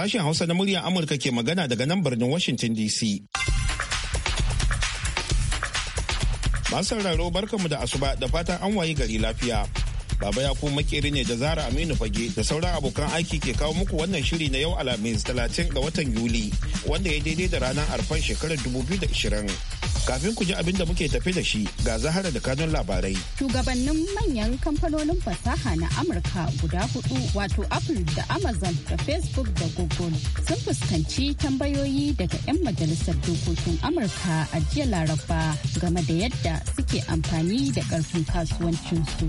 Sashen Hausa na muryar Amurka ke magana daga nan birnin Washington DC. Masu sauraro barkanmu da asuba da fatan an wayi gari lafiya. Baba ya makeri ne da Zara Aminu Fage da sauran abokan aiki ke kawo muku wannan shiri na yau Alhamis 30 ga watan Yuli wanda ya daidai da ranar arfan shekarar 2020. Kafin ku ji abin da muke tafi da shi ga zahara da kanun labarai. Shugabannin manyan kamfanonin fasaha na Amurka guda hudu wato Apple da Amazon da Facebook da Google sun fuskanci tambayoyi daga 'yan majalisar dokokin Amurka a jiya Laraba game da yadda suke amfani da ƙarfin kasuwancinsu.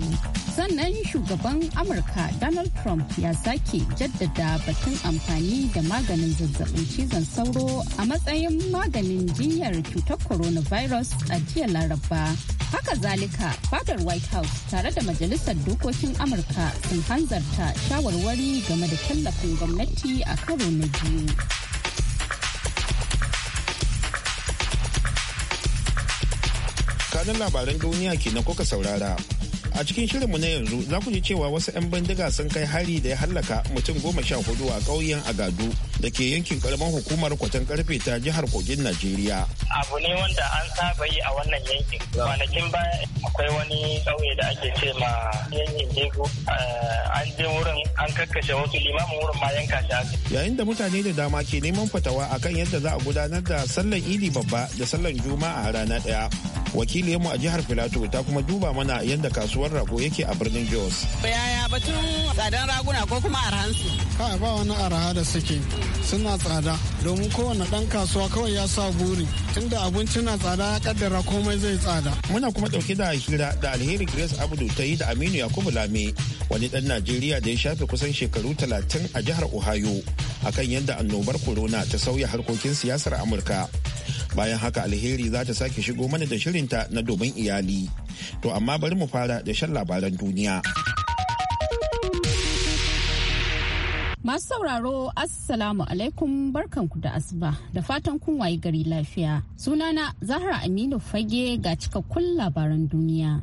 Sannan shugaban Amurka Donald Trump ya sake jaddada batun amfani da maganin zazzabin cizon sauro a matsayin maganin jinyar cutar corona. coronavirus a jiya laraba haka zalika fadar white house tare da majalisar dokokin amurka sun hanzarta shawarwari game da tallafin gwamnati a karo na biyu kanin labaran duniya ke kuka saurara a cikin shirinmu na yanzu za ku ji cewa wasu 'yan bindiga sun kai hari da ya hallaka mutum goma sha hudu a ƙauyen agadu da ke yankin karamar hukumar kwatan karfe ta jihar kogin najeriya abu ne wanda an saba yi a wannan yankin kwanakin baya akwai wani ƙauye da ake ce ma yankin jego eh, an je wurin an kakkashe wasu limamin wurin ma yanka shi yayin da mutane da dama ke neman fatawa a kan yadda za a gudanar da sallan idi babba da sallan juma'a a rana ɗaya wakiliyarmu a jihar filato ta kuma duba mana yadda kasuwar rago yake a birnin jos yaya batun tsadan raguna ko kuma arhansu ba wani araha da suke suna tsada domin kowane ɗan kasuwa kawai ya sa buri tunda abinci na tsada ya kaddara komai zai tsada. Muna kuma ɗauke da hira da alheri Grace Abdu ta yi da Aminu Yakubu Lame wani ɗan Najeriya da ya shafe kusan shekaru talatin a jihar Ohio akan yadda annobar corona ta sauya harkokin siyasar Amurka. Bayan haka alheri za ta sake shigo mana da shirinta na domin iyali. To amma bari mu fara da shan labaran duniya. Masu sauraro Assalamu alaikum barkanku da asuba da fatan kun wayi gari lafiya. Sunana Zahra Aminu Fage ga cikakkun labaran duniya.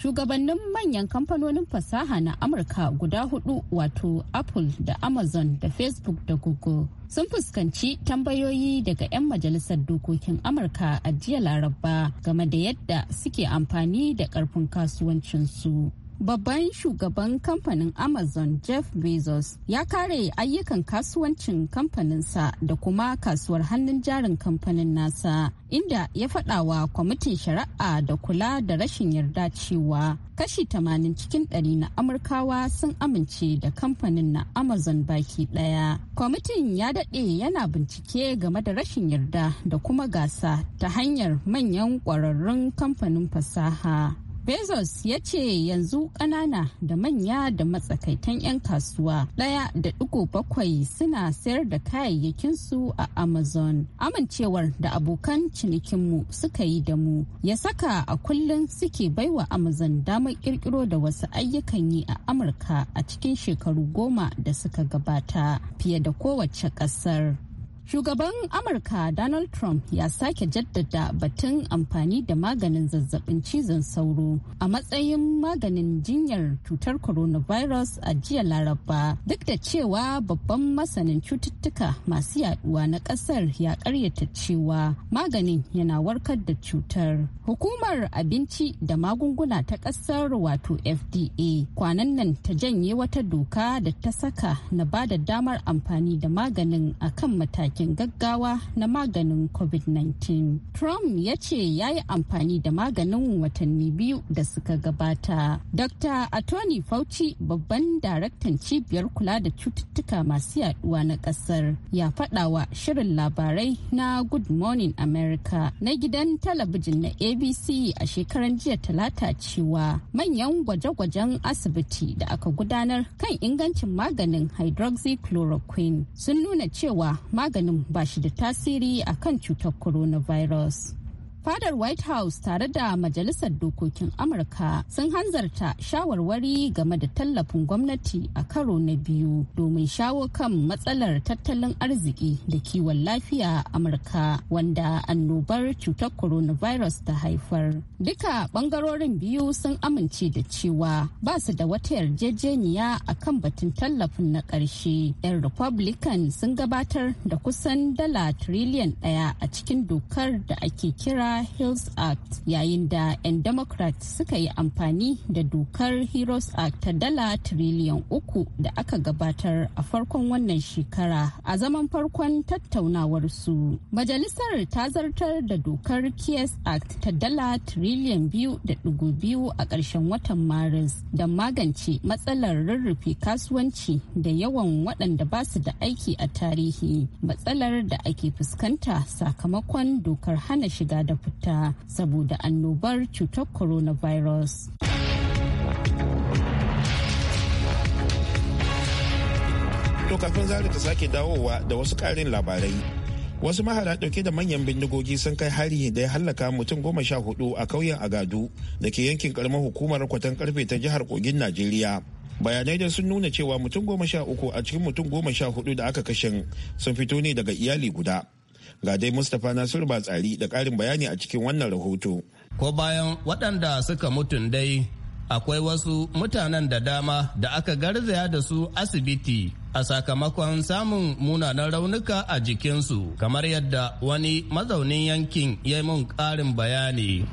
Shugabannin manyan kamfanonin fasaha na Amurka guda hudu wato Apple da Amazon da Facebook da Google sun fuskanci tambayoyi daga 'yan majalisar dokokin amurka a jiya laraba game da yadda suke amfani da karfin kasuwancinsu babban shugaban kamfanin amazon jeff bezos ya kare ayyukan kasuwancin kamfaninsa da kuma kasuwar hannun jarin kamfanin nasa inda ya faɗawa kwamitin shari'a da kula da rashin yarda cewa kashi 80 cikin 100 na amurkawa sun amince da kamfanin na amazon baki daya kwamitin ya dade yana bincike game da rashin yarda da kuma gasa ta hanyar manyan kwararrun kamfanin fasaha bezos ya ce yanzu ƙanana da manya da matsakaitan 'yan kasuwa ɗaya da ɗigo bakwai suna sayar da kayayyakinsu a amazon amincewar da abokan cinikinmu suka yi da mu ya saka a kullum suke baiwa amazon damar ƙirƙiro da wasu ayyukan yi a amurka a cikin shekaru goma da suka gabata fiye da kowace ƙasar Shugaban Amurka Donald Trump ya sake jaddada batun amfani da maganin zazzabin cizon sauro a matsayin maganin jinyar cutar coronavirus a jiya Laraba duk da cewa babban masanin cututtuka masu yaduwa na kasar ya karyata cewa maganin yana warkar da cutar. Hukumar abinci da magunguna ta kasar wato FDA kwanan nan ta janye wata doka da ta saka na ba da damar amfani da maganin akan mataki. matakin gaggawa na maganin covid-19 trump ya ce ya yi amfani da maganin watanni biyu da suka gabata dr atoni fauci babban daraktan cibiyar kula da cututtuka masu yaduwa na kasar ya faɗawa shirin labarai na good morning america na gidan talabijin na abc a shekaran jiya talata cewa manyan gwaje-gwajen asibiti da aka gudanar kan ingancin maganin hydroxychloroquine sun nuna cewa maganin maganin ba shi da tasiri akan cutar coronavirus. fadar white house tare da majalisar dokokin amurka sun hanzarta shawarwari game da tallafin gwamnati a karo na biyu domin shawo kan matsalar tattalin arziki da kiwon lafiya a amurka wanda annobar cutar coronavirus ta haifar duka bangarorin biyu sun amince da cewa ba su da wata yarjejeniya a kan batun tallafin na ƙarshe 'yan republican sun gabatar da kusan dala triliyan ɗaya a cikin dokar da ake kira Hills Act yayin da 'yan Democrat suka yi amfani da dokar Heroes Act ta dala tiriliyan uku da aka gabatar a farkon wannan shekara a zaman farkon su Majalisar ta zartar da dokar KS Act ta dala triliyan biyu da dugu biyu a ƙarshen watan Maris da magance matsalar rurrufe kasuwanci da yawan waɗanda ba su da aiki a tarihi matsalar da ake fuskanta sakamakon dokar hana shiga da fita saboda annobar cutar coronavirus. To kafin zari ta sake dawowa da wasu ƙarin labarai. Wasu mahara ɗauke da manyan bindigogi sun kai hari da ya hallaka mutum goma sha hudu a ƙauyen Agadu da ke yankin karamar hukumar kwatan karfe ta jihar Kogin Najeriya. Bayanai da sun nuna cewa mutum goma sha uku a cikin mutum goma sha hudu da aka kashin sun fito ne daga iyali guda. Ga dai Mustapha Nasiru tsari da ƙarin bayani a cikin wannan rahoto. Ko bayan waɗanda suka mutun dai akwai wasu mutanen da dama da aka garzaya da su asibiti a sakamakon samun munanan raunuka a jikinsu kamar yadda wani mazaunin yankin ya yi mun ƙarin bayani.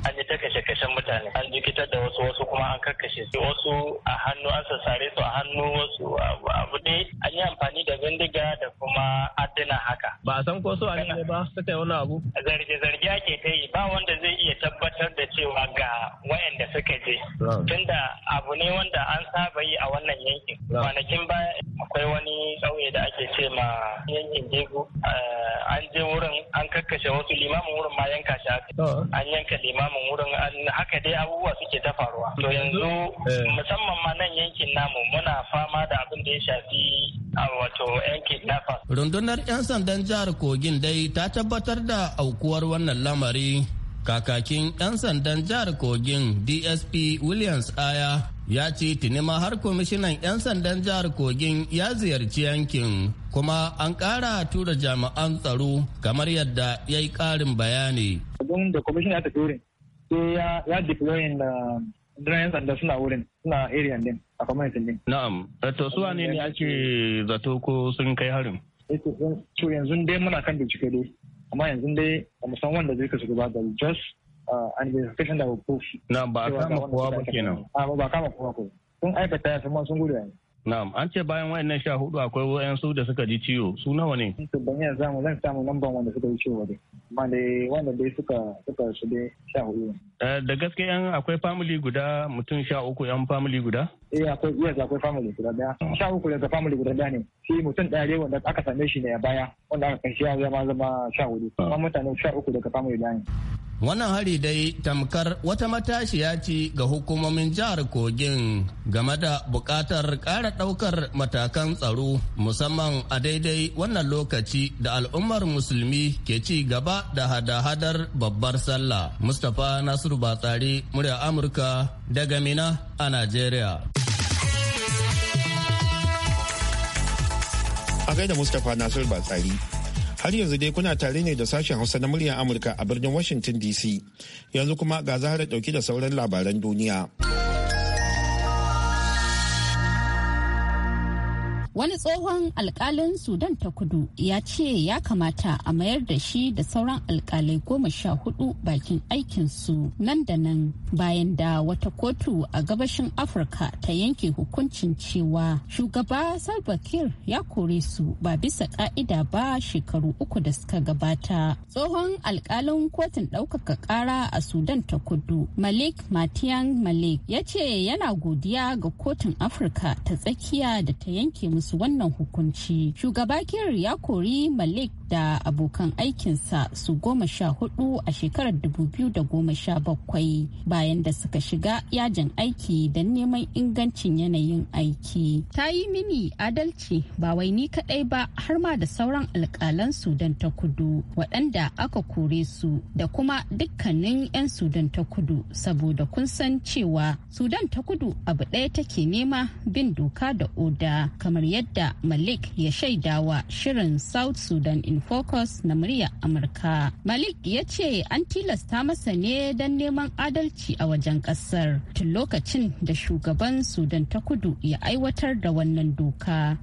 kashe mutane an jikitar da wasu wasu kuma an karkashe su wasu a hannu an sassare su a hannu wasu abu dai an yi amfani da bindiga da kuma adina haka ba a san ko su ne ba suka yi wani abu zarge zarge ake ta yi ba wanda zai iya tabbatar da cewa ga wayanda suka je tunda abu ne wanda an saba yi a wannan yankin kwanakin baya akwai wani tsauye da ake ce ma yankin jego eh, an je wurin an karkashe wasu limamin wurin ma yanka shi an yanka limamin wurin an haka dai abubuwa suke ta faruwa to yanzu eh. musamman ma nan yankin namu muna fama da abin da ya shafi wato yankin nafa rundunar 'yan sandan jihar kogin dai ta tabbatar da aukuwar wannan lamari kakakin 'yan sandan jihar kogin dsp williams aya ya ce tinima har kwamishinan 'yan sandan jihar kogin ya ziyarci yankin kuma an ƙara tura jami'an tsaro kamar yadda ya yi ƙarin bayani. da kwamishin ya tafi wurin sai ya ya deploying da yan sanda suna wurin suna area din a community din na'am eh, to su wane ne ake zato ko sun kai harin eh, to yanzu dai muna kan bincike dai amma yanzu dai ba san wanda zai ka shugaba da just an uh, investigation da proof na ba kama kowa ba kenan ah, a ba kama kowa ko sun aikata ya sun gudu yanzu Na'am, an ce bayan wayannan sha hudu akwai wayansu da suka ji ciwo, su nawa ne? ban yanzu zamu zan samu lamban wanda suka ji ciwo dai. Amma dai wanda dai suka suka su dai sha hudu. Eh, da gaske yan akwai family guda mutum sha uku yan family guda? Eh akwai yes akwai family guda daya. Sha uku daga family guda daya ne. Shi mutum daya dai wanda aka same shi ne a baya wanda aka kai shi ya zama zama sha hudu. Amma ah. mutane sha uku daga family daya ne. Wannan hari dai tamkar wata matashiya ce ga hukumomin jihar Kogin game da bukatar ƙara ɗaukar matakan tsaro musamman a daidai wannan lokaci da al'ummar musulmi ke ci gaba da hada-hadar babbar sallah. Mustapha Nasiru Batsari, murya Amurka daga Mina a Najeriya. A gaida Mustapha Nasiru Batsari. Har yanzu dai kuna tare ne da sashen Hausa na muryar Amurka a birnin Washington DC. Yanzu kuma ga zahara dauke da sauran labaran duniya. tsohon alkalin Sudan ta kudu ya ce ya kamata a mayar da shi da sauran alkalai goma sha hudu bakin aikinsu nan da nan bayan da wata kotu a gabashin Afirka ta yanke hukuncin cewa shugaba Salva Kiir ya kore su ba bisa ka'ida ba shekaru uku da suka gabata. Tsohon alkalin kotun ɗaukaka ƙara a Sudan ta kudu Malik Matiyan Malik ya ce yana godiya ga kotun Afirka ta tsakiya da ta yanke musu wannan hukunci shugaba kir ya kori malik da abokan aikinsa su goma sha hudu a shekarar dubu biyu da goma sha bakwai bayan da suka shiga yajin aiki don neman ingancin yanayin aiki ta yi mini adalci ba wai ni kadai ba har ma da sauran alkalan sudan ta kudu waɗanda aka kore su da kuma dukkanin 'yan sudan ta kudu saboda kun san cewa sudan ta kudu abu ɗaya take nema bin doka da oda kamar yadda da Malik ya shaidawa shirin South Sudan in Focus na murya Amurka. Malik ya ce an tilasta masa ne don neman adalci a wajen kasar tun lokacin da shugaban Sudan ta kudu ya aiwatar da wannan doka.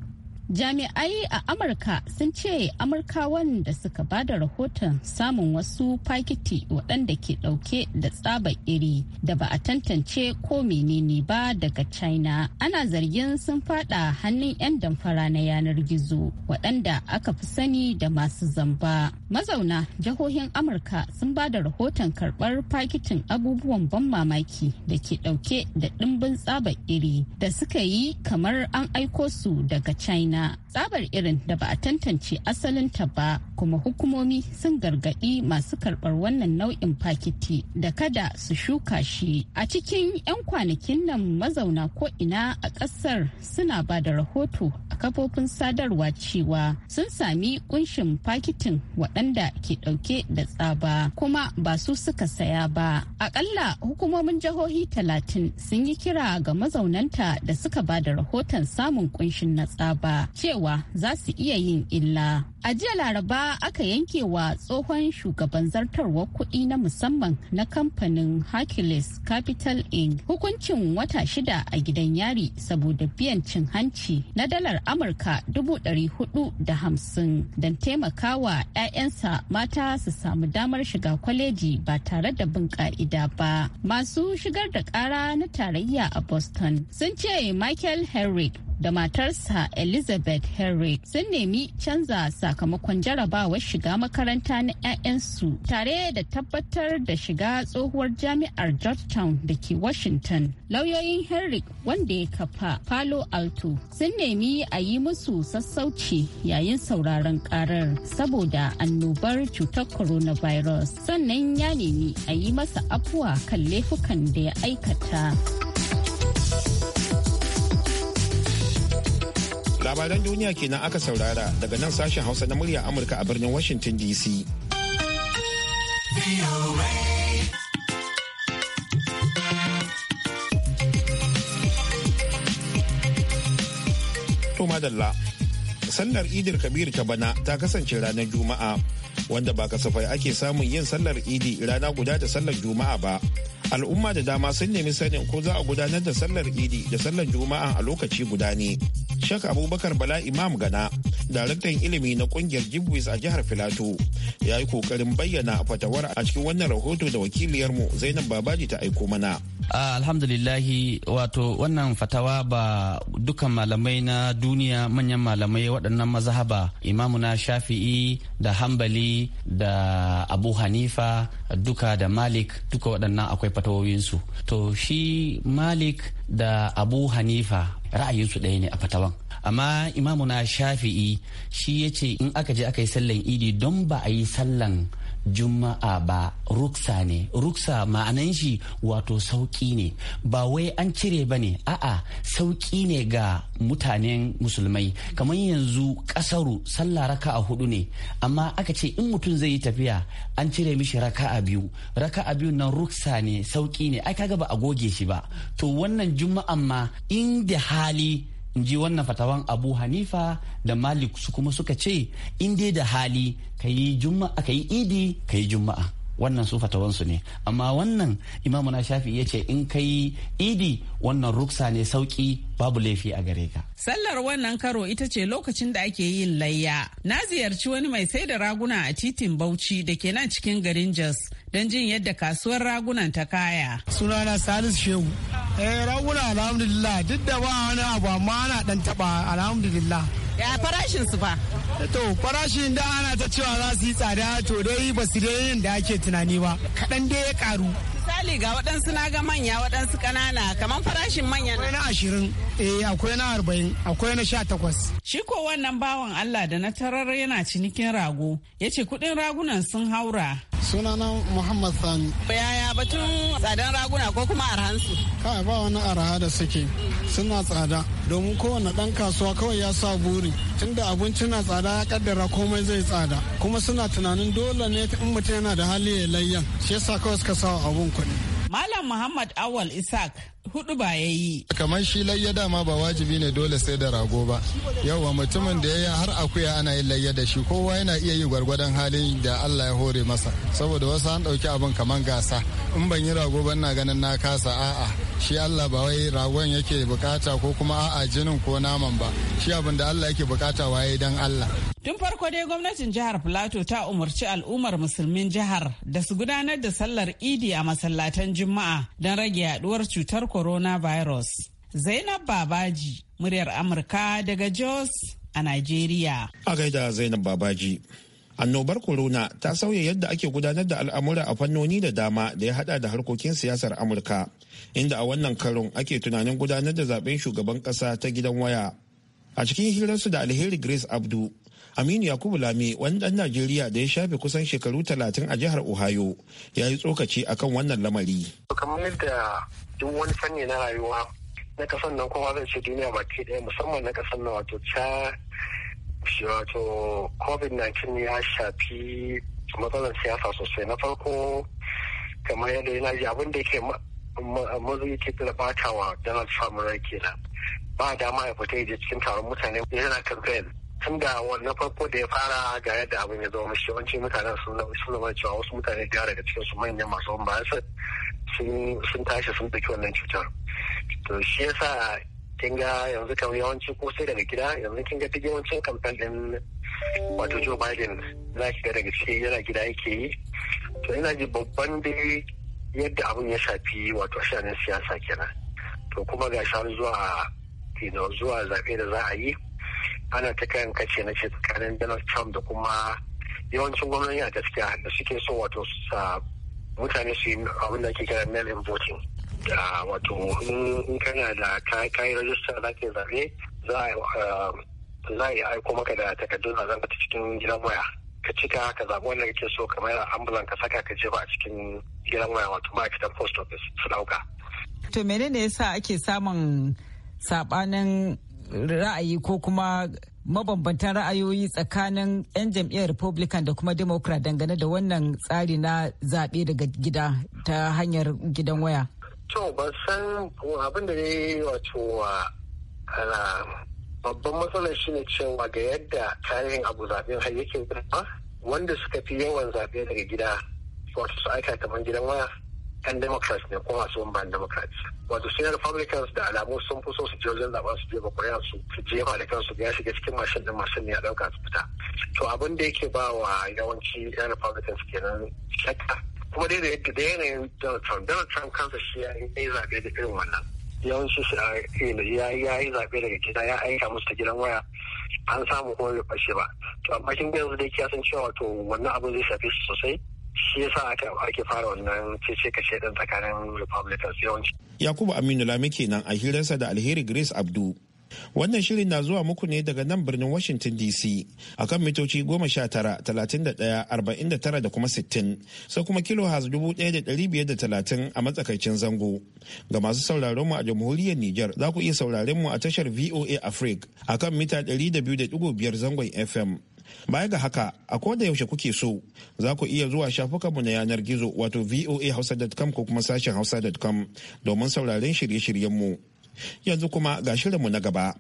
jami'ai a amurka sun ce amurkawan da suka ba da rahoton samun wasu fakiti waɗanda ke ɗauke da tsabar iri da ba a tantance ko menene ba daga china ana zargin sun fada hannun 'yan damfara na yanar gizo waɗanda aka fi sani da masu zamba mazauna jihohin amurka sun ba da rahoton karɓar fakitin abubuwan ban mamaki da ke ɗauke da ɗimbin tsabar iri da suka yi kamar an aiko su daga china tsabar irin da ba a tantance asalinta ba kuma hukumomi sun gargaɗi masu karɓar wannan nau'in fakiti da kada su shuka shi a cikin 'yan kwanakin nan mazauna ko ina a ƙasar suna ba da rahoto a kafofin sadarwa cewa sun sami kunshin fakitin waɗanda ke ɗauke da tsaba kuma ba su suka saya ba aƙalla hukumomin jihohi talatin sun yi kira ga mazaunanta da suka ba da rahoton samun kunshin na tsaba cewa za su iya yin illa. A jiya Laraba aka yanke wa tsohon shugaban zartarwar kuɗi na musamman na kamfanin Hercules Capital Inc. hukuncin wata shida a gidan yari saboda biyan cin hanci na dalar Amurka dubu ɗari hudu da hamsin don taimakawa 'ya'yansa mata su samu damar shiga kwaleji ba tare da bin ka'ida ba. Masu shigar da ƙara na tarayya a Boston sun ce Michael Herrick da matarsa Elizabeth Herrick sun nemi canza sa sakamakon jarabawar shiga makaranta na 'ya'yansu tare da tabbatar da shiga tsohuwar jami'ar georgetown da ke washington lauyoyin henrik wanda ya kafa palo alto sun nemi a yi musu sassauci yayin sauraron karar saboda annobar cutar coronavirus sannan ya nemi a yi masa afuwa kan laifukan da ya aikata. labaran duniya kenan aka saurara daga nan sashen hausa na murya amurka a birnin washington dc madalla sallar idir kabir ta bana ta kasance ranar juma'a wanda ba kasafai ake samun yin sallar idi rana guda da sallar juma'a ba al'umma da dama sun nemi sanin ko za a gudanar da sallar idi da sallar juma'a a lokaci guda ne Sheikh Abubakar Bala Imam Gana, daraktan ilimi na kungiyar Jibwis a jihar Filato, ya yi kokarin bayyana fatawar a cikin wannan rahoto da wakiliyarmu Zainab Babaji ta aiko mana. Uh, alhamdulillahi wato wannan fatawa ba dukan malamai na duniya manyan malamai waɗannan mazhaba na shafi'i da hambali da abu hanifa duka da malik duka waɗannan akwai fatawoyinsu to shi malik da abu hanifa ra'ayinsu ɗaya ne a fatawan amma imamu na shafi'i shi ya ce in aka je aka yi sallan idi don ba a yi sallan juma'a ba ruksa ne ruksa ma'anan shi wato sauki ne ba wai an cire ba ne a'a sauki ne ga mutanen musulmai kamar yanzu kasaru sallah raka'a hudu ne amma aka ce in mutum zai yi tafiya an cire mishi raka'a biyu raka'a biyu nan ruksa ne sauki ne ai kaga ba a goge shi ba to wannan juma'an ma inda hali in ji wannan fatawan abu hanifa da malik su kuma suka ce in dai da hali ka yi juma'a ka yi idi ka yi juma'a wannan su fatawansu ne amma wannan imamu na shafi ya ce in ka yi idi wannan ruksa ne sauki babu laifi a gare ka sallar wannan karo ita ce lokacin da ake yin layya na ziyarci wani mai sai da raguna a titin bauchi da ke nan cikin garin jos don jin yadda kasuwar ragunan ta kaya. Sunana Salisu Shehu. Eh raguna alhamdulillah duk da ba wani abu amma ana dan taba alhamdulillah. Ya farashin su fa? Eh, to farashin da ana ta cewa za su yi tsada to dai ba su dai yin da ake tunani ba. Kaɗan dai ya karu. Misali ga waɗansu na ga manya waɗansu ƙanana kamar farashin manya na. ashirin, eh akwai na arba'in, akwai na sha takwas. Shi ko wannan bawan Allah da na tarar yana cinikin rago, ya ce kuɗin ragunan sun haura sunana muhammad sani yaya batun tsadan raguna ko kuma arhansu kai ba wani arha da suke suna tsada domin kowane dan kasuwa kawai ya sa buri tunda abinci na tsada ya kaddara komai zai tsada kuma suna tunanin dole ne in mutum yana da hali ya layyan shi yasa kawai suka sawa abun kuɗi malam muhammad awal isaac hudu ba ya yi. Kamar shi layya dama ba wajibi ne dole sai da rago ba. Yauwa mutumin da ya yi har akuya ana yin layya da shi kowa yana iya yi gwargwadon halin da Allah ya hore masa. Saboda wasu an ɗauki abin kamar gasa. In ban yi rago ban na ganin na kasa a'a. Shi Allah ba wai ragon yake bukata ko kuma a'a jinin ko naman ba. Shi abin da Allah yake bukata waye dan Allah. Tun farko dai gwamnatin jihar Filato ta umarci al'ummar musulmin jihar da su gudanar da sallar idi a masallatan Juma'a don rage yaduwar cutar coronavirus. Zainab Babaji, muryar Amurka daga Jos a Najeriya. A gaida Zainab Babaji. Annobar corona ta sauya yadda ake gudanar da al'amura a fannoni da dama da ya hada da harkokin siyasar Amurka, inda a wannan karon ake tunanin gudanar da zaben shugaban kasa ta gidan waya. A cikin hirarsu da alheri Grace Abdu, Aminu Yakubu Lami, wani ɗan Najeriya da ya shafe kusan shekaru talatin a jihar Ohio, ya yi tsokaci akan wannan lamari. Kamar duk wani fanni na rayuwa na kasan nan kowa zai ce duniya baki ɗaya musamman na kasan nan wato ca wato covid-19 ya shafi matsalar siyasa sosai na farko kamar yadda yana ji abin da yake mazu yake da bata wa donald trump rai kenan ba dama ya fita yaje cikin taron mutane yana campaign tun da na farko da ya fara ga yadda abin ya zama shi yawancin mutanen sun zama cewa wasu mutane da daga cikin su manyan masu bayan sun tashi sun ɗauki wannan cutar to shi yasa kin ga yanzu kan yawanci ko sai daga gida yanzu kin ga yawancin kamfan din wato Joe Biden za ki ga daga cikin yana gida yake yi to ina ji babban da yadda abin ya shafi wato shanin siyasa kenan to kuma ga shan zuwa zuwa zaɓe da za a yi ana ta kayan kace na ce tsakanin Donald Trump da kuma yawancin gwamnati a gaskiya da suke so wato mutane su yi abin da ke kira mail in voting wato in kana da kayan rajista za ka zaɓe za a yi um, aiko maka da takardun zama ta cikin gidan waya ka cika ka zaɓi wanda kake so kamar yana ambulan ka saka ka jefa a cikin gidan waya wato ma'aikatan post office su ɗauka. to menene yasa ake samun saɓanin. ra'ayi ko kuma mabambantan ra'ayoyi tsakanin 'yan jam'iyyar republican da kuma democrat dangane da wannan tsari na zaɓe daga gida ta hanyar gidan waya to ban san abin da dai wato ah, babban matsalar shine cewa ga yadda tarihin abu zaɓen har yake wanda suka fi yawan zaɓe daga gida wato su aika kamar gidan waya 'yan democrats ne kuma masu ban democrats wato sai republicans da alamu sun fi so su je wajen zaɓen su je ba kuri'a su ma da kansu ya shiga cikin mashin din mashin ne ya ɗauka su fita to abin da yake ba wa yawanci 'yan republicans kenan shakka kuma dai da yadda da yanayin donald trump donald trump kansa shi ya yi zaɓe da irin wannan yawanci shi eh, ya yi zaɓe daga gida ya aika musu ta gidan waya an samu kuma bai fashe ba to amma kin yanzu dai kiyasan cewa to wannan abin zai shafe su sosai shi yasa aka ake fara wannan cece kashe din tsakanin republicans yawanci yakubu aminu lami kenan a hirarsa da alheri grace abdu wannan shirin na zuwa muku ne daga nan birnin washington dc A akan mitoci sha tara, talatin da kuma sittin, sai kuma da 1530 a matsakaicin zango ga masu sauraron mu a jamhuriyar niger za ku iya sauraron mu a tashar voa africa kan mita biyar zangon fm Baya ga haka, a koda yaushe kuke so, za ku iya zuwa shafukanmu na yanar gizo wato voahausa.com ko kuma sashen hausa.com domin sauraren shirye-shiryenmu. Yanzu kuma ga shirinmu na gaba.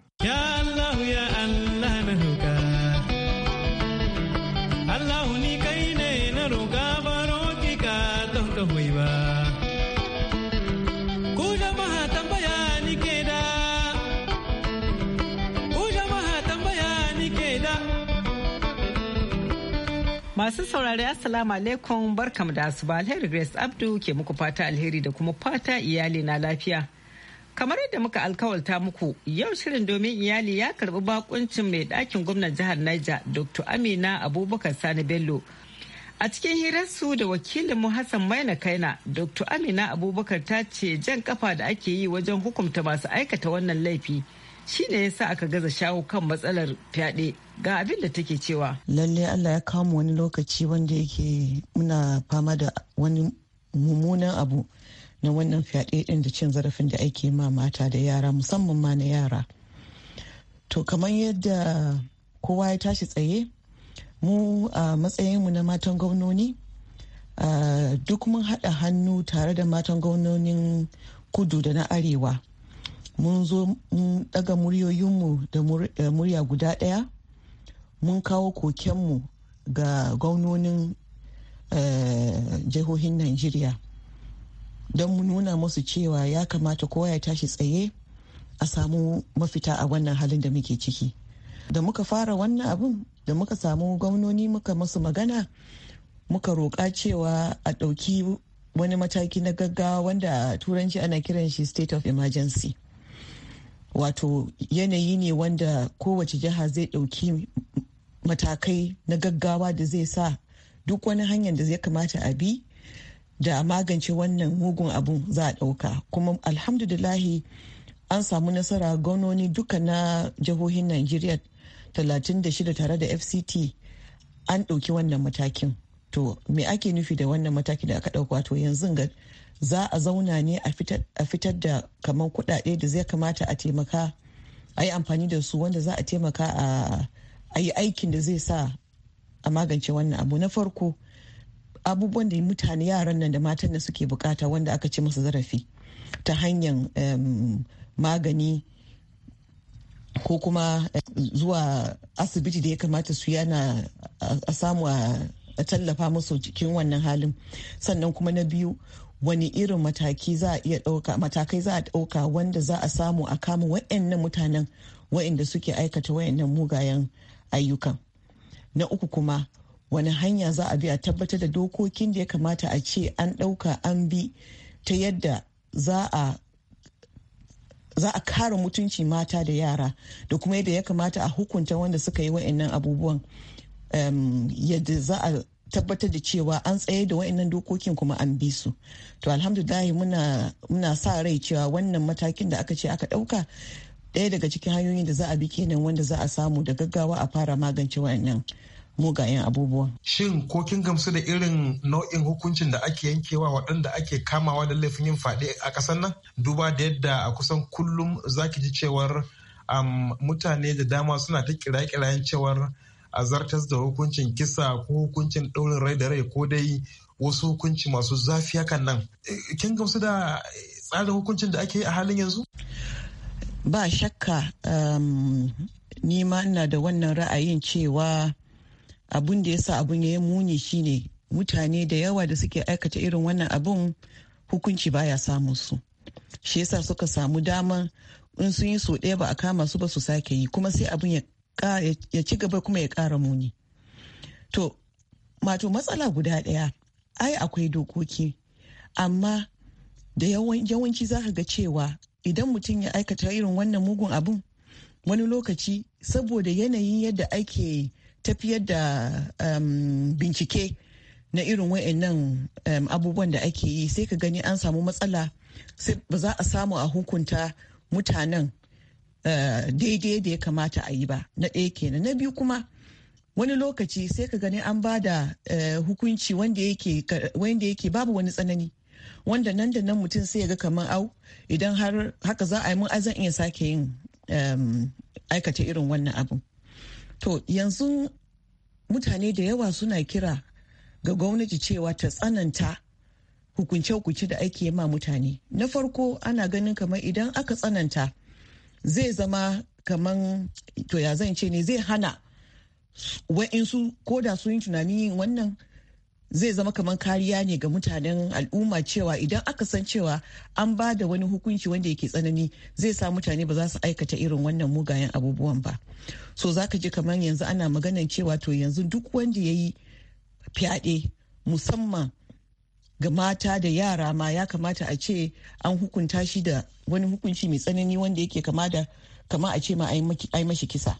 Masu saurari Assalamu alaikum barkam da ba alheri Grace Abdu ke muku fata alheri da kuma fata iyali na lafiya. Kamar yadda muka alkawalta muku yau shirin domin iyali ya karbi bakuncin mai ɗakin gwamnan jihar Niger Dr. Amina Abubakar Sani Bello. A cikin hirarsu da wakilin mu Hassan Maina Kaina, Dr. Amina Abubakar ta ce jan kafa da ake yi wajen hukunta masu aikata wannan laifi shine yasa aka gaza shawo kan matsalar fyaɗe. ga abin da take cewa lalle allah ya kama wani lokaci wanda yake muna fama da wani mummunan abu na wannan fyaɗe ɗin da cin zarafin da ake ma mata da yara musamman ma na yara to kamar yadda kowa ya tashi tsaye mu a matsayin mu na matan gwamnoni duk mun haɗa hannu tare da matan gwamnonin kudu da na arewa mun zo mun ɗaga muryoyinmu da murya guda ɗaya mun kawo kokenmu ga gwamnonin eh, jihohin najeriya don mu nuna musu cewa ya kamata kowa ya tashi tsaye a samu mafita a wannan halin da muke ciki da muka fara wannan abin da muka samu gwamnoni muka masu magana muka roƙa cewa a ɗauki wani mataki na gaggawa wanda turanci ana kiran shi state of emergency wato yanayi ne wanda kowace jiha zai ɗauki matakai na gaggawa da zai sa duk wani hanyar da zai kamata a bi da magance wannan mugun abu za a ɗauka kuma alhamdulillahi an samu nasara gwamnoni duka na jihohin najeriya 36 tare da fct an ɗauki wannan matakin to me ake nufi da wannan matakin da aka ɗauka to yanzu ga za a zauna ne a fitar da kamar kuɗaɗe da zai kamata a taimaka a yi amfani da su wanda za a taimaka a a yi aikin da zai sa a magance wannan abu na farko abubuwan da mutane yaran nan da matan da suke bukata wanda aka ci masu zarafi ta hanyar magani ko kuma eh, zuwa asibiti da ya kamata su yana a samu a tallafa musu cikin wannan halin sannan kuma na biyu wani irin mataki za a ɗauka matakai za a ɗauka wanda za a samu a kama wa'annan mutanen wa'anda suke aikata wa'annan mugayen ayyukan na uku kuma wani hanya za a bi a tabbatar da dokokin da ya kamata a ce an ɗauka an bi ta yadda za a za a kare mutunci mata da yara da kuma yadda ya kamata a hukunta wanda suka yi wa'annan abubuwan um, yadda za a tabbatar da cewa an tsaye da wa'annan dokokin kuma an bi su to alhamdulahi muna, muna sa rai cewa wannan matakin da aka ce aka ɗauka ɗaya daga cikin hanyoyin da za a bi kenan wanda za a samu da gaggawa a fara magance wannan mugayen abubuwan. Shin ko kin gamsu da irin nau'in hukuncin da ake yankewa waɗanda ake kamawa da laifin yin faɗi a ƙasar nan? Duba da yadda a kusan kullum zaki ji cewar um, mutane da dama suna ta kiraye-kirayen cewar a zartas da hukuncin kisa ko hukuncin ɗaurin rai da rai ko dai wasu hukunci masu zafi hakan nan. Eh, kin gamsu da eh, tsarin hukuncin da ake yi a halin yanzu? ba shakka um, nima ina da wannan ra'ayin cewa abun da ya sa abun ya yi muni shine mutane da yawa da suke aikata irin wannan abun hukunci baya samu su shi yasa suka samu dama in sun yi so ɗaya ba a kama su ba su sake yi kuma sai abun ya ci gaba kuma ya ƙara muni to mato matsala guda ɗaya ai akwai dokoki amma da yawanci za ka ga cewa idan mutum ya aikata irin wannan mugun abun wani lokaci saboda yanayin yadda ake tafiyar da um, bincike na irin wa'annan um, abubuwan da ake yi sai ka gani an samu matsala sai ba za a samu a hukunta mutanen uh, daidai da ya kamata a yi ba na ɗaya kenan na biyu kuma wani lokaci sai ka gani an ba da uh, hukunci wanda yake babu wani tsanani wanda nan da nan mutum sai ya ga kamar au idan har haka za a yi mun zan iya sake yin aikata irin wannan abu to yanzu mutane da yawa suna kira ga gwamnati cewa ta tsananta hukunce-hukunce da ake ma mutane na farko ana ganin kamar idan aka tsananta zai zama kamar to ya zan ce ne zai hana wa'insu ko da sun yi tunanin yin wannan zai zama kamar kariya ne ga mutanen al'umma cewa idan aka san cewa an ba da wani hukunci wanda yake tsanani zai sa mutane ba za su aikata irin wannan mugayen abubuwan ba so za ka ji kamar yanzu ana maganan cewa to yanzu duk wanda ya yi fyaɗe musamman ga mata da yara ma ya kamata a ce an hukunta shi da wani hukunci mai tsanani wanda yake kama da a ce ma ai mashi kisa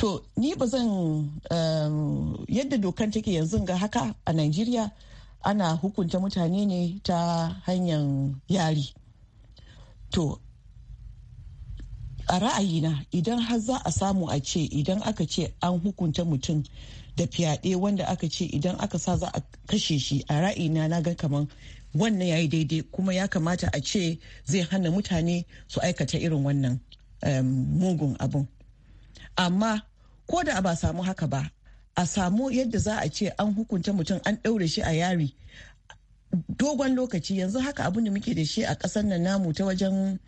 to ni ba zan um, yadda dokar take yanzu ga haka a najeriya ana hukunta mutane ne ta hanyar yari to a ra'ayina idan har za a samu a ce idan aka ce an hukunta mutum da fyaɗe wanda aka ce idan aka sa za a kashe shi a ra'ayina na ga kaman wannan ya yi daidai kuma ya kamata a ce zai hana mutane su aikata irin wannan um, mugun abin amma ko da ba samu haka ba a samu yadda za a ce an hukunta mutum an ɗaure shi a yari dogon lokaci yanzu haka abin da muke da shi a ƙasar nan namu ta wajen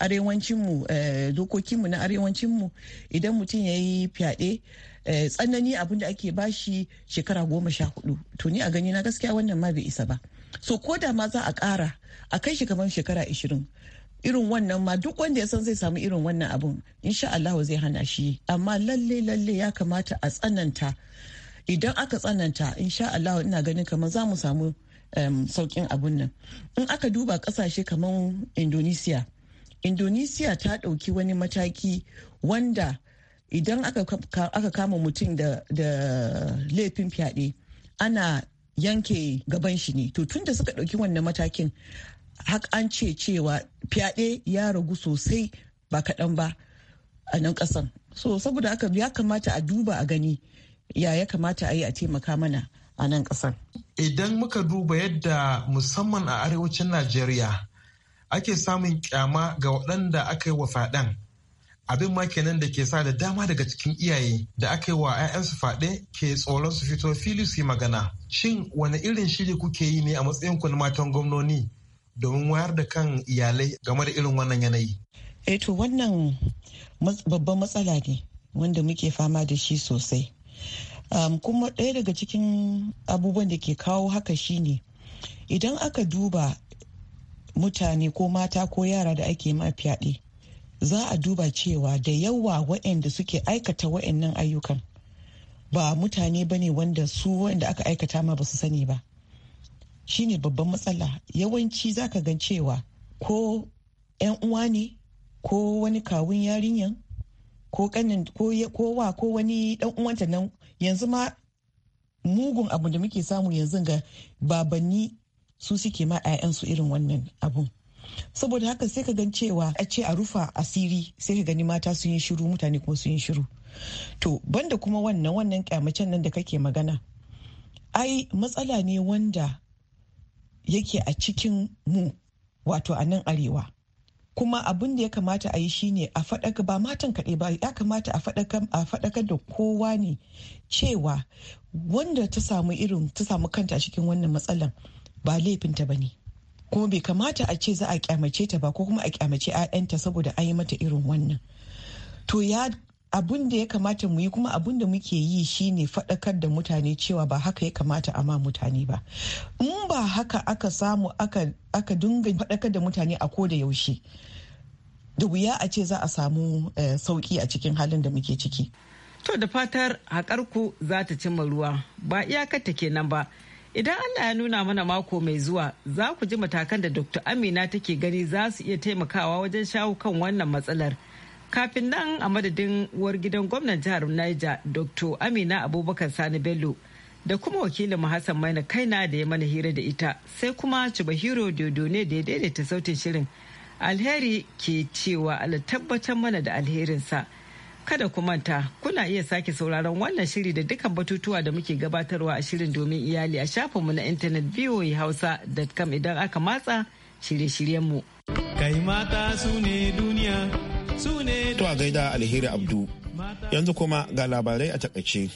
arewancinmu eh, dokokinmu na arewancinmu idan mutum ya yi fyaɗe eh, tsanani abin da ake bashi shekara goma sha hudu to ni a gani na gaskiya wannan ma bai isa ba so ko da ma za a ƙara a kai shi kamar shekara ishirin irin wannan ma duk wanda ya san zai samu irin wannan abun insha Allah zai hana shi amma lalle lalle ya kamata a tsananta idan aka tsananta insha Allah ina ganin kamar za mu samu saukin abun nan in aka duba kasashe kamar Indonesia Indonesia ta dauki wani mataki wanda idan aka kama mutum da laifin fyaɗe ana yanke gaban shi ne to tun da suka dauki wannan matakin hak an ce cewa fyaɗe ya ragu sosai ba kaɗan ba a nan ƙasan so saboda haka ya kamata a duba a gani ya ya kamata a yi a taimaka mana a nan ƙasan idan muka duba yadda musamman a arewacin najeriya ake samun kyama ga waɗanda aka yi wa faɗan abin ma kenan da ke sa da dama daga cikin iyaye da aka yi wa 'ya'yansu faɗe ke tsoron su fito fili su yi magana shin wani irin shiri kuke yi ne a matsayin na matan gwamnoni domin wayar da kan iyalai game da irin wannan yanayi? Eh to wannan babban matsala ne wanda muke fama da shi sosai. Um, kuma ɗaya daga cikin abubuwan da ke kawo haka shine idan aka duba mutane ko mata ko yara da ake ma fyaɗe za a duba cewa da yawa waɗanda suke aikata waɗannan ayyukan ba mutane ba ne wanda su waɗanda aka aikata ma ba su sani ba shine babban matsala yawanci zaka gan cewa ko 'yan uwa ne ko wani kawun yarinyan ko kanin ko wa ko wani dan uwanta nan yanzu ma mugun abu da muke samu yanzu ga babanni su suke ma 'ya'yansu irin wannan abu. saboda haka sai ka gan cewa a ce a rufa asiri sai ka gani mata sun yi shiru mutane kuma sun yi shiru to banda kuma wannan wannan kyamacen nan da kake magana ai matsala ne wanda yake a cikin mu wato a nan arewa kuma abin da ya kamata a yi shine a faɗaka ba matan kaɗai ba ya kamata a faɗakar da kowa ne cewa wanda ta samu irin ta samu kanta cikin wannan matsalan ba laifinta ba ne kuma bai kamata a ce za a kyamace ta ba ko kuma a kyamace 'ya'yanta saboda an yi mata irin wannan to ya abun da ya kamata mu yi kuma abun da muke yi shine faɗakar da mutane cewa ba haka ya kamata a ma mutane ba in ba haka aka samu aka, dinga faɗakar da mutane a ko da yaushe da wuya a ce za a samu eh, sauki a cikin halin da muke ciki to da fatar haƙarku za ta cimma ruwa ba iyakar ta kenan ba idan allah ya nuna mana mako mai zuwa za ku ji matakan da dr amina take gani za su iya taimakawa wajen shawo kan wannan matsalar. kafin nan a madadin uwar gidan gwamnan jihar niger dr amina abubakar sani bello da kuma wakilin mu hassan maina kaina da ya mana hira da ita sai kuma cibahiro ne da ya daidaita sautin shirin alheri ke cewa ala tabbatar mana da alherinsa kada ku manta kuna iya sake sauraron wannan shiri da dukkan batutuwa da muke gabatarwa a shirin domin iyali a shafinmu na intanet da idan aka matsa shirye-shiryenmu. Kai mata su ne duniya To a gaida alheri Abdu. Yanzu kuma ga labarai a takaice.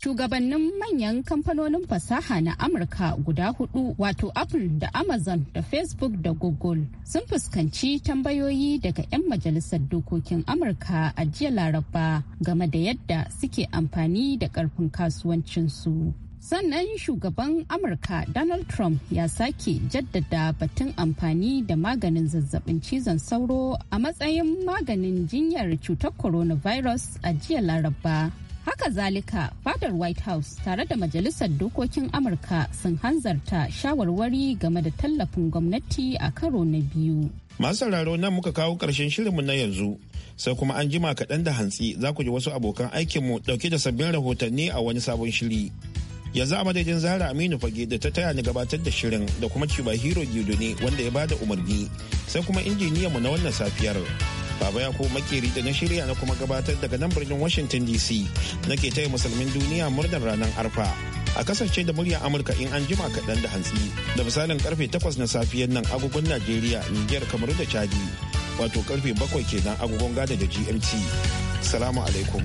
Shugabannin manyan kamfanonin fasaha na Amurka guda hudu wato Apple da Amazon da Facebook da Google sun fuskanci tambayoyi daga 'yan majalisar dokokin Amurka a jiya Laraba game da yadda suke amfani da karfin kasuwancinsu. sannan shugaban amurka donald trump ya sake jaddada batun amfani da maganin zazzabin cizon sauro a matsayin maganin jinyar cutar coronavirus a jiya laraba haka zalika fadar white house tare da majalisar dokokin amurka sun hanzarta shawarwari game da tallafin gwamnati a karo na biyu masu sauraro nan muka kawo karshen shirinmu na yanzu sai kuma an jima kaɗan da hantsi za ku ji wasu abokan aikinmu ɗauke da sabbin rahotanni a wani sabon shiri yanzu a madadin zara aminu fage da ta taya ni gabatar da shirin da kuma cuba hero ne wanda ya bada umarni sai kuma mu na wannan safiyar baba ya ko makeri da na shirya na kuma gabatar daga nan birnin washington dc nake taya musulmin duniya murnar ranar arfa a kasance da murya amurka in an jima kaɗan da hantsi da misalin karfe 8 na safiyar nan agogon najeriya niger kamar da chadi wato karfe 7 kenan agogon gada da gmt salamu alaikum